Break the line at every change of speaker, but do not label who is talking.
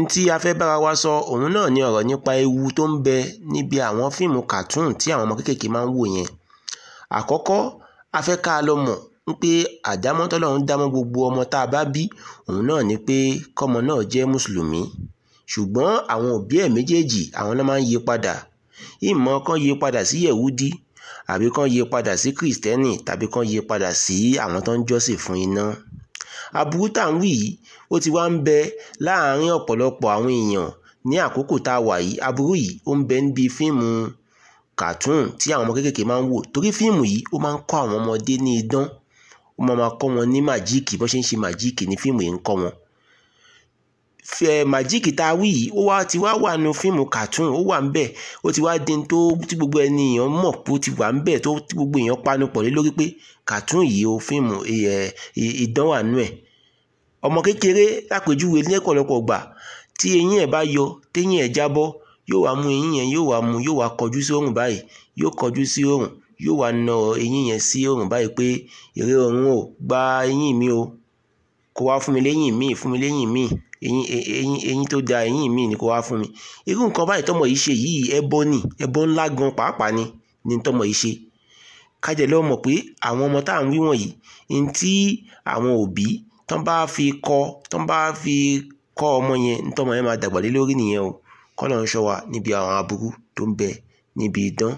n tí a fẹ́ bára wa sọ òun náà ni ọ̀rọ̀ nípa ewu tó ń bẹ níbi àwọn fíìmù cartoon tí àwọn ọmọ kéékèèké máa ń wò yẹn àkọ́kọ́ a fẹ́ ká a lọ mọ̀ pé àdámọ́ tọ́lọ́run dámọ́ gbogbo ọmọ tá a bá bí òun náà ni pé kọ́mọ náà jẹ́ mùsùlùmí ṣùgbọ́n àwọn òbí ẹ̀ méjèèjì àwọn náà máa ń yí padà ìmọ̀ kan yí padà sí yẹ̀wúdí àbí kan yí padà sí kìrìsìtẹ́nì tàbí kan yí padà sí àwọn tó ń jọ́sìn fún iná aburú tá à ń wí yìí ó ti wá ń bẹ láàárín ọ̀pọ̀lọpọ̀ àwọn èèyàn ní àkókò tá a wà yìí aburú yìí ó ń bẹ níbi fíìmù cartoon tí àwọn ọmọ kéékèèké máa ń wò torí fíìmù yìí ó máa ń kọ́ àwọn ọmọdé ní idán ó máa ma kọ́ wọn ní màjíìkì bó ṣe ń ṣe màjíìkì ní fíìmù yìí ń kọ́ wọn magic tá a wí yìí ó wá ti wá wà nínú fíìmù cartoon ó wà ńbẹ̀ ó ti wá dín tó tí gbogbo ẹni èèyàn mọ̀ pé ó ti wà ńbẹ̀ tó tí gbogbo èèyàn panupọ̀ lé lórí pé cartoon yìí ó fíìmù ìdán wà nú ẹ̀ ọmọ kékeré lápèjúwe lẹ́kọ̀ọ́lọ́pọ̀ gbà tí eyín ẹ̀ bá yọ téyín ẹ̀ jábọ́ yóò wá mú eyín yẹn yóò wá mú yóò wá kọjú sí òrùn báyìí yóò kọjú sí òrùn yóò wá na eyín yẹn sí òrùn báyìí pé èrè òrùn ò gba eyín mi o kó wá fún mi lẹ́yìn míì fún mi lẹ́yìn míì eyín e, eyín eyín tó da eyín míì ni kó wá fún mi irú nǹkan báyìí tọmọ yìí ṣe yìí ẹbọ ni ẹbọ ńlá gan pàápàá ni ni tọmọ yìí ṣe kájẹ lọ mọ̀ pé àwọn ọmọ tá à ń wí wọ̀nyí ní tí àwọn òbí tán bá fi kọ́ tán bá fi kọ́ ọmọ yẹn ní tọmọ yẹn máa dàgbà lé lórí nìyẹn o kọ́ lọ́n ṣọ́ wa níbi àwọn aburú tó ń bẹ níbi idán